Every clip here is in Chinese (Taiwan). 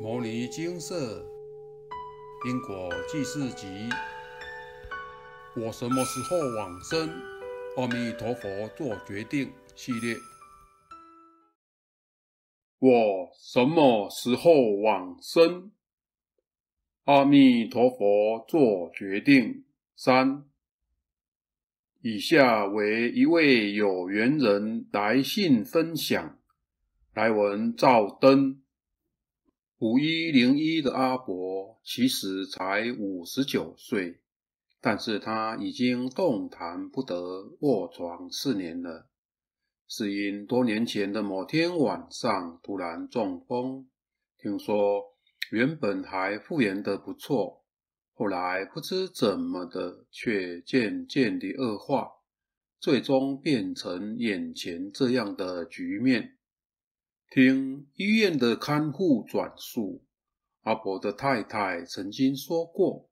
牟尼精舍，因果濟世集。我什麼時候往生？阿彌陀佛做決定系列。我什麼時候往生？阿彌陀佛做決定三。以下為一位有緣人來信分享，來文照登。五一零一的阿伯其實才五十九歲，但是他已經動彈不得、臥床四年了。是因多年前的某天晚上突然中風。聽說原本還復原的不錯，後來不知怎麼的，卻漸漸的惡化，最終變成眼前這樣的局面。聽醫院的看護轉述，阿伯的太太曾經說過，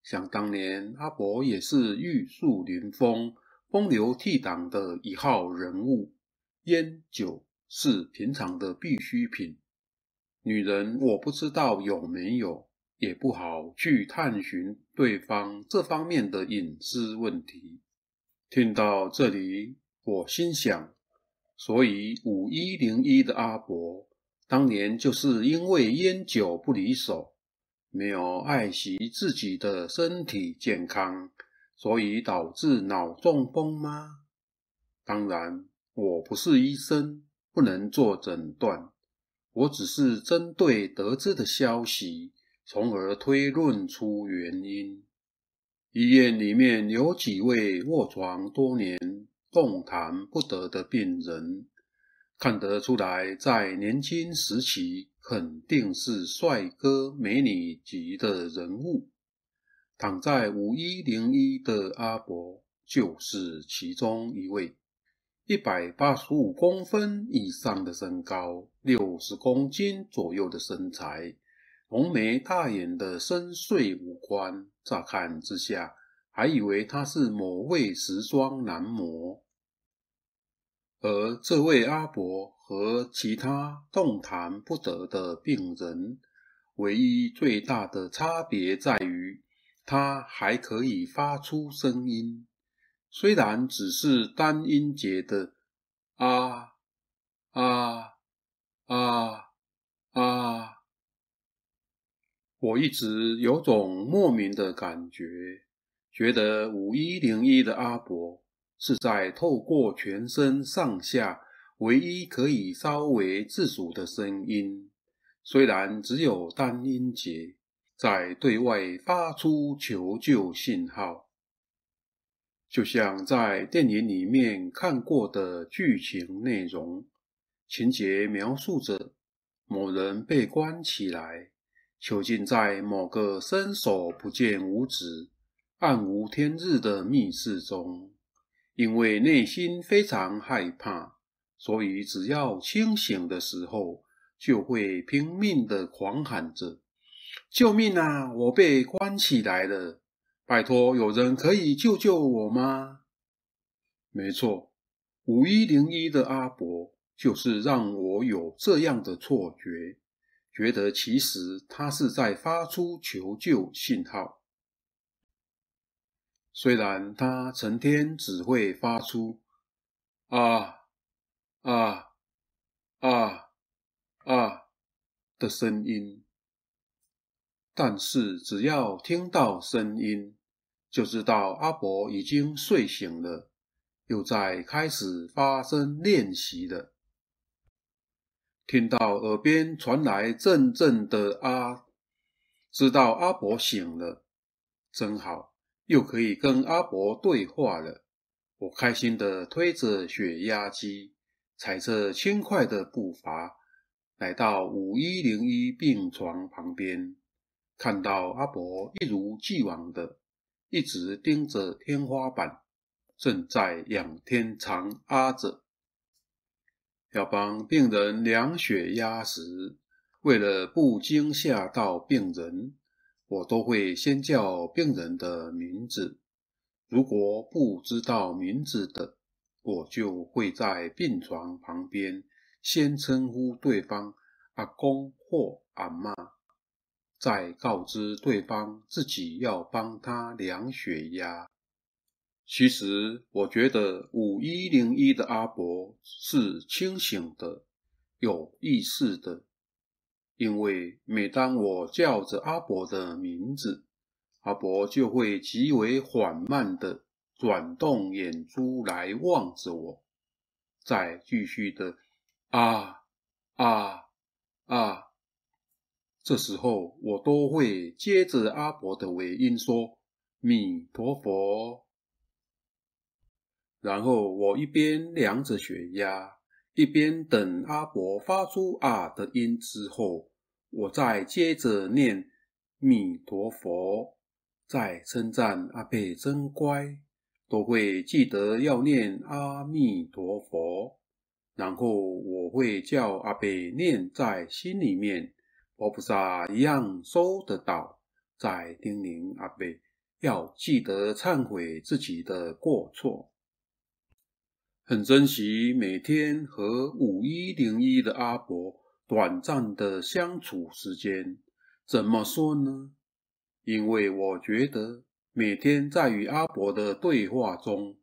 想當年阿伯也是玉樹臨風、風流倜儻的一號人物，煙酒是平常的必需品。女人我不知道有沒有，也不好去探尋對方這方面的隱私問題。聽到這裡，我心想。所以，五一零一的阿伯當年就是因為菸酒不離手，沒有愛惜自己的身體健康，所以導致腦中風嗎？當然，我不是醫生，不能做診斷。我只是針對得知的消息，從而推論出原因。醫院裡面有幾位臥床多年，動彈不得的病人，看得出來，在年輕時期肯定是帥哥美女級的人物。躺在五一零一的阿伯就是其中一位，一百八十五公分以上的身高，六十公斤左右的身材，濃眉大眼的深邃五官，乍看之下還以為他是某位時裝男模。而這位阿伯和其他動彈不得的病人，唯一最大的差別在於，他還可以發出聲音，雖然只是單音節的“啊啊啊啊”啊啊。我一直有種莫名的感覺，覺得五一零一的阿伯，是在透過全身上下唯一可以稍微自主的聲音，雖然只有單音節，在對外發出求救信號。就像在電影裡面看過的劇情內容，情節描述着某人被關起來，囚禁在某個伸手不見五指、暗無天日的密室中。因為內心非常害怕，所以只要清醒的時候，就會拼命的狂喊着：“救命啊！我被關起來了！拜託，有人可以救救我嗎？”沒錯，五一零一的阿伯就是讓我有這樣的錯覺，覺得其實他是在發出求救信號。雖然他成天只會發出啊“啊啊啊啊”的聲音，但是只要聽到聲音，就知道阿伯已經睡醒了，又在開始發聲練習了。聽到耳邊傳來陣陣的“啊”，知道阿伯醒了，真好。又可以跟阿伯對話了，我開心的推着血壓機，踩着輕快的步伐，來到五一零一病床旁邊，看到阿伯一如既往的一直盯着天花板，正在仰天長啊著。要幫病人量血壓時，為了不驚嚇到病人。我都會先叫病人的名字，如果不知道名字的，我就會在病床旁邊先稱呼對方阿公或阿媽，再告知對方自己要幫他量血壓。其實我覺得五一零一的阿伯是清醒的，有意識的。因為每當我叫着阿伯的名字，阿伯就會極為緩慢的轉動眼珠來望着我，再繼續的啊啊啊！這時候我都會接着阿伯的尾音說“彌陀佛”，然後我一邊量着血壓。一邊等阿伯發出“啊”的音之後，我再接着念“彌陀佛”，再稱讚阿伯真乖，都會記得要念“阿彌陀佛”。然後我會叫阿伯念在心裡面，佛菩薩一樣收得到，再叮嚀阿伯要記得懺悔自己的過錯。很珍惜每天和五一零一的阿伯短暫的相處時間，怎麼說呢？因為我覺得每天在與阿伯的對話中，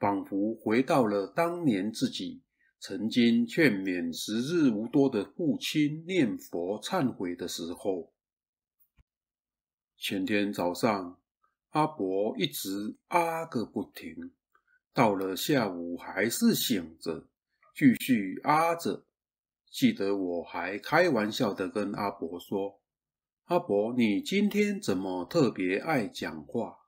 仿佛回到了當年自己曾經勸勉時日無多的父親念佛懺悔的時候。前天早上，阿伯一直啊個不停。到了下午還是醒着，繼續啊著，記得我還開玩笑的跟阿伯說：“阿伯，你今天怎麼特別愛講話？”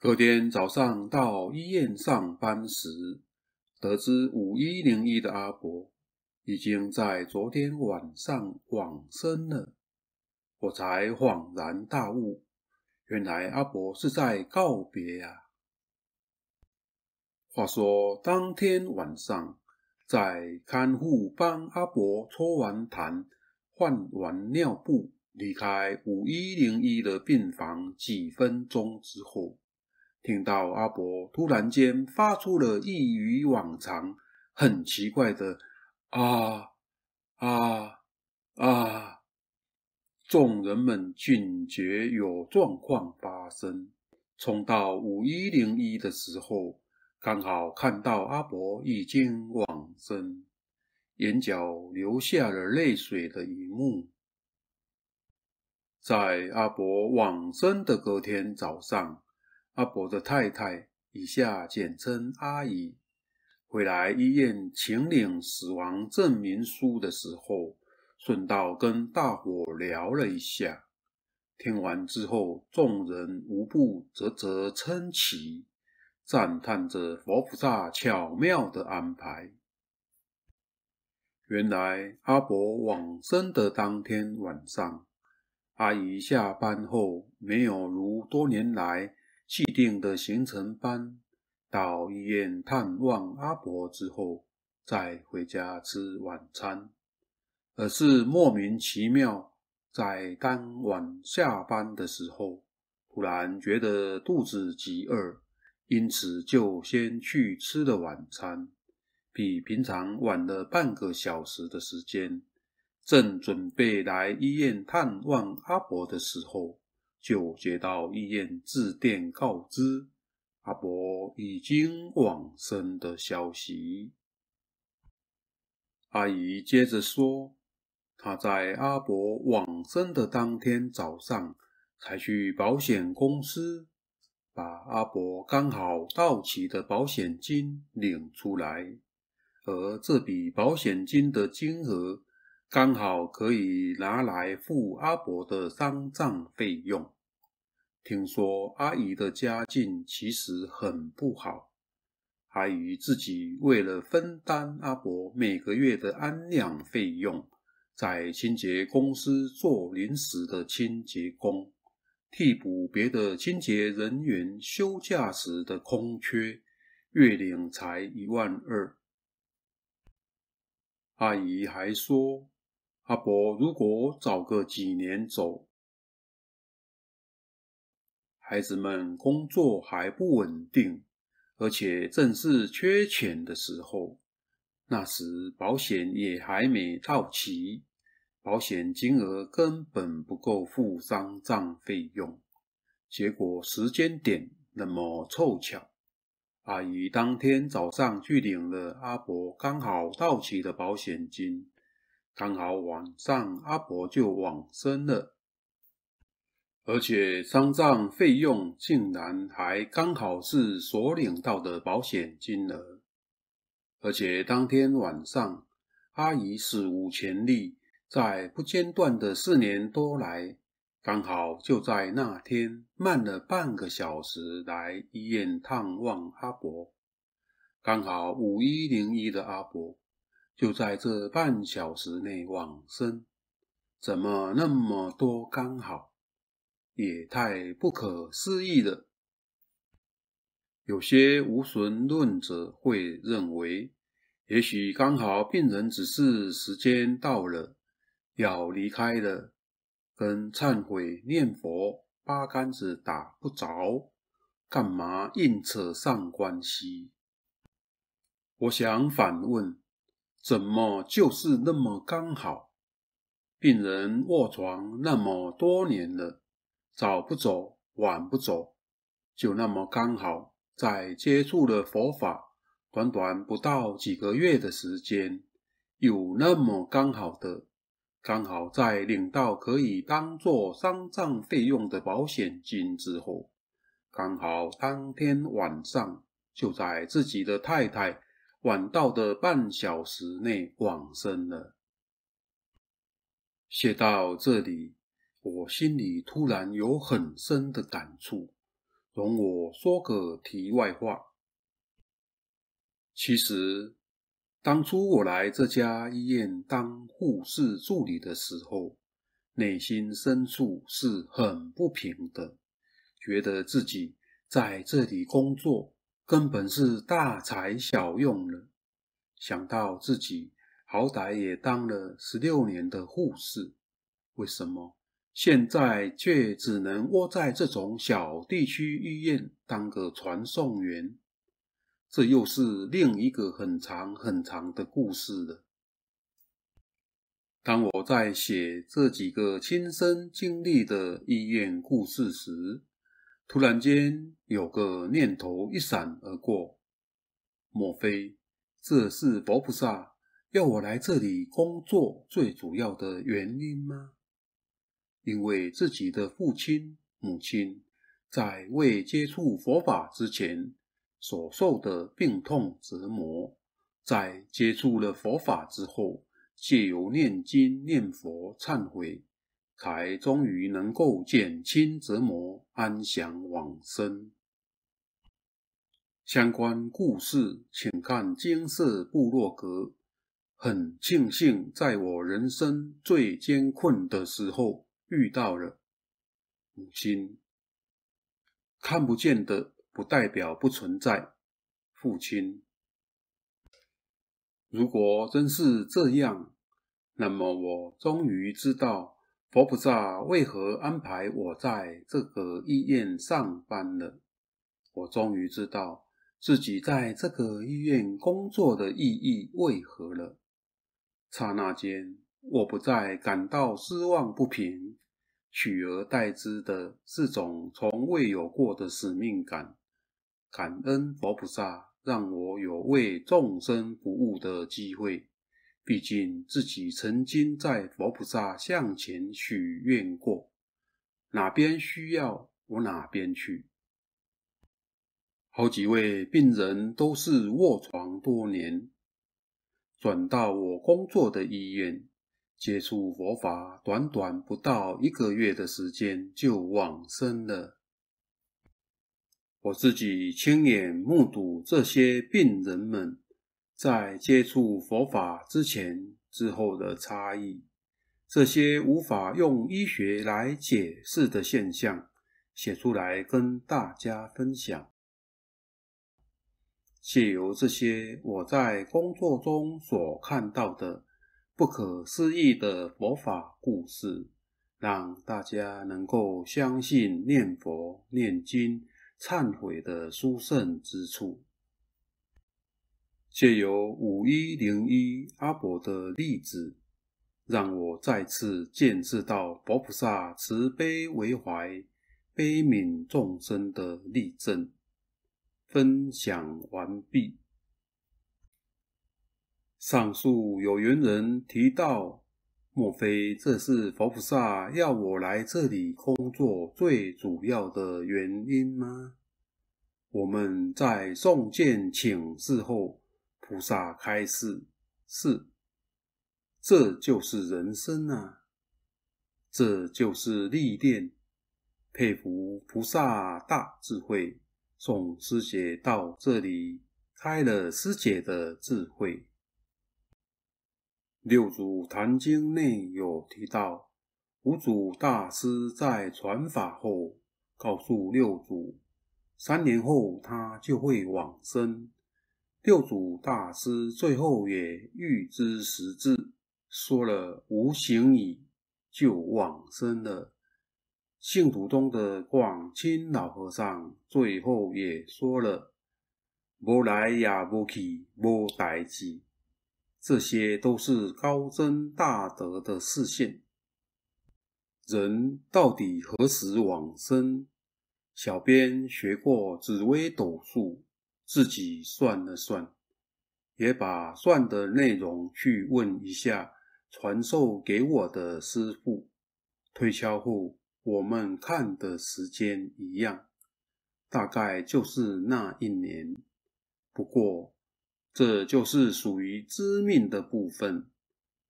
隔天早上到醫院上班時，得知五一零一的阿伯已經在昨天晚上往生了，我才恍然大悟，原來阿伯是在告別啊。話說，當天晚上，在看護幫阿伯搓完痰、換完尿布，離開五一零一的病房幾分鐘之後，聽到阿伯突然間發出了異於往常、很奇怪的“啊啊啊”，眾人們警覺有狀況發生，衝到五一零一的時候。剛好看到阿伯已經往生，眼角流下了淚水的一幕。在阿伯往生的隔天早上，阿伯的太太（以下簡稱阿姨）回來醫院請領死亡證明書的時候，順道跟大夥聊了一下。聽完之後，眾人無不嘖嘖稱奇。讚嘆着佛菩薩巧妙的安排。原來阿伯往生的當天晚上，阿姨下班後沒有如多年來既定的行程般到醫院探望阿伯之後再回家吃晚餐，而是莫名其妙在當晚下班的時候，突然覺得肚子極餓。因此，就先去吃了晚餐，比平常晚了半個小時的時間。正準備來醫院探望阿伯的時候，就接到醫院致電告知阿伯已經往生的消息。阿姨接着說，她在阿伯往生的當天早上才去保險公司。把阿伯剛好到期的保險金領出來，而這筆保險金的金額剛好可以拿來付阿伯的喪葬費用。聽說阿姨的家境其實很不好，阿姨自己為了分擔阿伯每個月的安養費用，在清潔公司做臨時的清潔工。替補別的清潔人員休假時的空缺，月領才一萬二。阿姨還說，阿伯如果早個幾年走，孩子們工作還不穩定，而且正是缺錢的時候，那時保險也還沒到期。保險金額根本不夠付喪葬費用，結果時間點那麼湊巧，阿姨當天早上去領了阿伯剛好到期的保險金，剛好晚上阿伯就往生了，而且喪葬費用竟然還剛好是所領到的保險金額，而且當天晚上阿姨史無前例，在不間斷的四年多來，剛好就在那天慢了半個小時來醫院探望阿伯，剛好五一零一的阿伯就在這半小時內往生，怎麼那麼多剛好？也太不可思議了。有些無神論者會認為，也許剛好病人只是時間到了。要離開了，跟懺悔念佛八竿子打不着，幹嘛硬扯上關係？我想反問：怎麼就是那麼剛好？病人臥床那麼多年了，早不走，晚不走，就那麼剛好，在接觸了佛法，短短不到幾個月的時間，有那麼剛好的？剛好在領到可以當作喪葬費用的保險金之後，剛好當天晚上就在自己的太太晚到的半小時內往生了。寫到這裡，我心裡突然有很深的感觸，容我說個題外話。其實。當初我來這家醫院當護士助理的時候，內心深處是很不平的，覺得自己在這裡工作根本是大材小用了。想到自己好歹也當了十六年的護士，為什麼現在卻只能窩在這種小地區醫院當個傳送員？這又是另一個很長很長的故事了。當我在寫這幾個親身經歷的醫院故事時，突然間有個念頭一閃而過：莫非這是佛菩薩要我來這裡工作最主要的原因嗎？因為自己的父親母親在未接觸佛法之前，所受的病痛折磨，在接觸了佛法之後，借由念經、念佛、懺悔，才終於能夠減輕折磨，安詳往生。相關故事，請看《金色部落格》。很慶幸，在我人生最艱困的時候，遇到了母親。看不見的。不代表不存在，父親。如果真是這樣，那麼我終於知道佛菩薩為何安排我在這個醫院上班了。我終於知道自己在這個醫院工作的意義為何了。剎那間，我不再感到失望不平，取而代之的是種從未有過的使命感。感恩佛菩薩，讓我有為眾生服務的機會。畢竟自己曾經在佛菩薩像前許願過，哪邊需要我哪邊去。好幾位病人都是臥床多年，轉到我工作的醫院，接觸佛法短短不到一個月的時間就往生了。我自己親眼目睹這些病人們在接觸佛法之前、之後的差異，這些無法用醫學來解釋的現象，寫出來跟大家分享。借由這些我在工作中所看到的不可思議的佛法故事，讓大家能夠相信念佛、念經，懺悔的殊勝之處，借由五一零一阿伯的例子，讓我再次見識到佛菩薩慈悲為懷、悲憫眾生的例證。分享完畢。上述有緣人提到，莫非這是佛菩薩要我來這裡工作最主要的原因嗎？我們在誦見請示後，菩薩開示：“是，這就是人生啊，這就是歷練。佩服菩薩大智慧，送師姐到這裡，開了師姐的智慧。”六祖壇經內有提到，五祖大師在傳法後，告訴六祖，三年後他就會往生。六祖大師最後也預知時至，說了吾行」，矣，就往生了。信徒中的廣欽老和尚最後也說了，無來也、啊、無去，無代誌。這些都是高僧大德的示現。人到底何時往生？小編學過紫微斗數，自己算了算，也把算的內容去問一下傳授給我的師父，推敲後我們看的時間一樣，大概就是那一年。不過，這就是屬於知命的部分，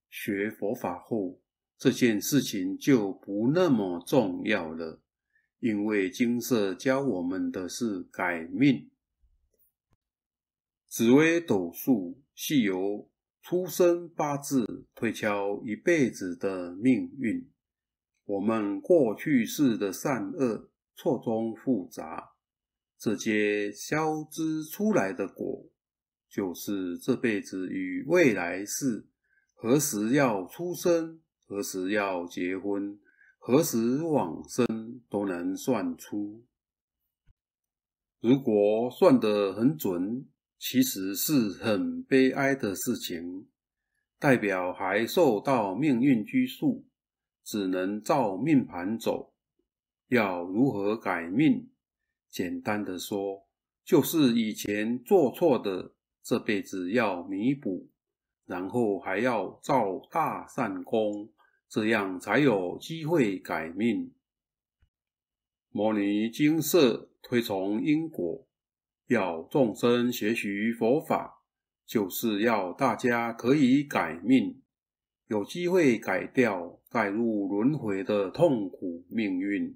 學佛法後，這件事情就不那麼重要了，因為精舍教我們的是改命。紫微斗數是由出生八字推敲一輩子的命運，我們過去世的善惡錯綜複雜，這些消之出來的果。就是這輩子與未來是，何時要出生，何時要結婚，何時往生，都能算出。如果算得很準，其實是很悲哀的事情，代表還受到命運拘束，只能照命盤走。要如何改命？簡單的說，就是以前做錯的。這輩子要彌補，然後還要造大善功，這樣才有機會改命。牟尼精舍推崇因果，要眾生學習佛法，就是要大家可以改命，有機會改掉、帶入輪迴的痛苦命運，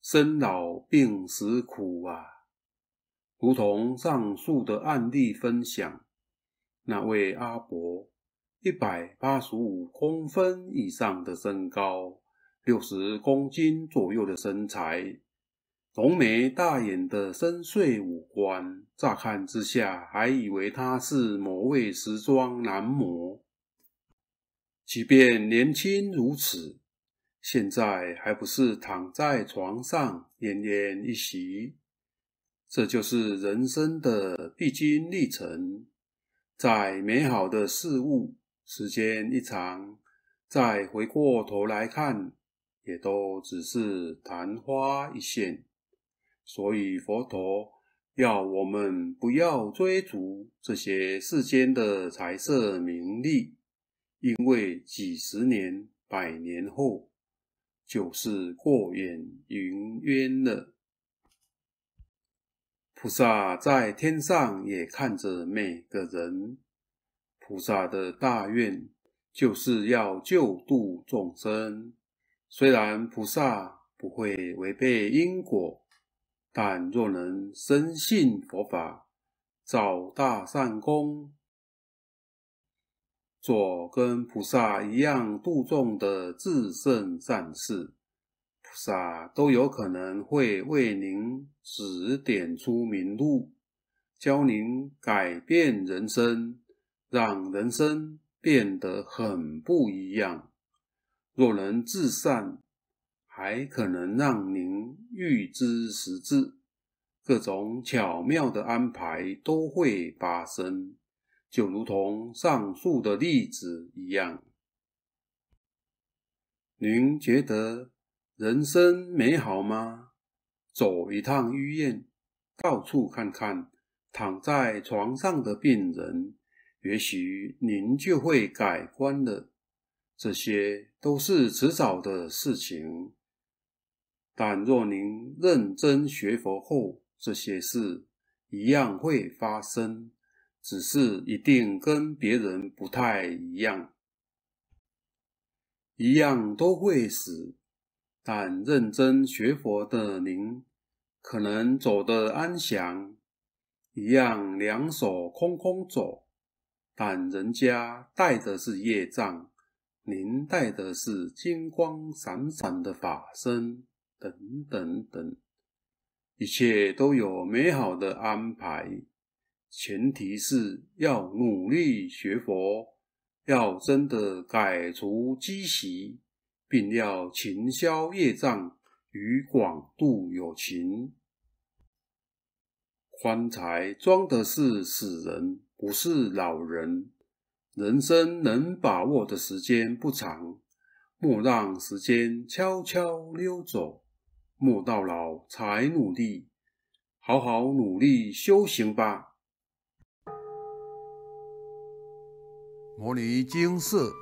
生老病死苦啊！如同上述的案例分享，那位阿伯，一百八十五公分以上的身高，六十公斤左右的身材，濃眉大眼的深邃五官，乍看之下還以為他是某位時裝男模。即便年輕如此，現在還不是躺在床上奄奄一息。這就是人生的必經歷程，再美好的事物，時間一長，再回過頭來看，也都只是曇花一現。所以佛陀要我們不要追逐這些世間的財色名利，因為幾十年、百年後，就是過眼雲煙了。菩薩在天上也看着每個人。菩薩的大願就是要救度眾生。雖然菩薩不會違背因果，但若能深信佛法，早大善功，做跟菩薩一樣度眾的自勝善事。啥都有可能會為您指點出明路，教您改變人生，讓人生變得很不一樣。若能至善，還可能讓您預知時至，各種巧妙的安排都會發生，就如同上述的例子一樣。您覺得？人生美好嗎？走一趟醫院，到處看看躺在床上的病人，也許您就會改觀了。這些都是遲早的事情。但若您認真學佛後，這些事一樣會發生，只是一定跟別人不太一樣。一樣都會死。但認真學佛的您，可能走得安詳，一樣兩手空空走；但人家帶的是業障，您帶的是金光閃閃的法身，等等等，一切都有美好的安排。前提是要努力學佛，要真的改除積習。並要勤消業障，與廣度有情。棺材裝的是死人，不是老人。人生能把握的時間不長，莫讓時間悄悄溜走，莫到老才努力，好好努力修行吧。牟尼精舍。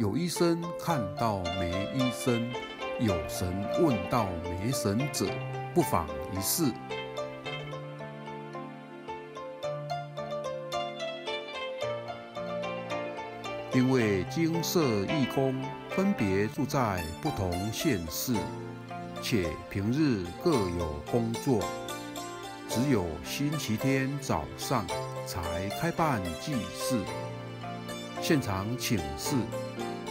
有醫生看到沒醫生，有神問到沒神者，不妨一試。因為精舍義工分別住在不同縣市，且平日各有工作，只有星期天早上才開辦祭祀，現場請示。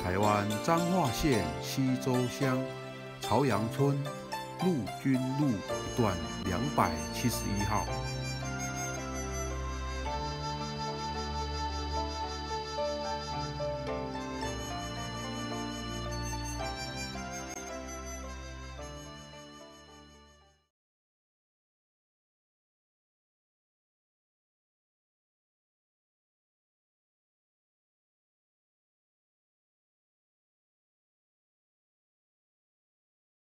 台灣彰化縣溪州鄉朝陽村陸軍路段兩百七十一號。